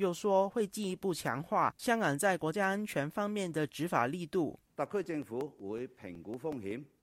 又說會進一步強化香港在國家安全方面的執法力度。特區政府會評估風險。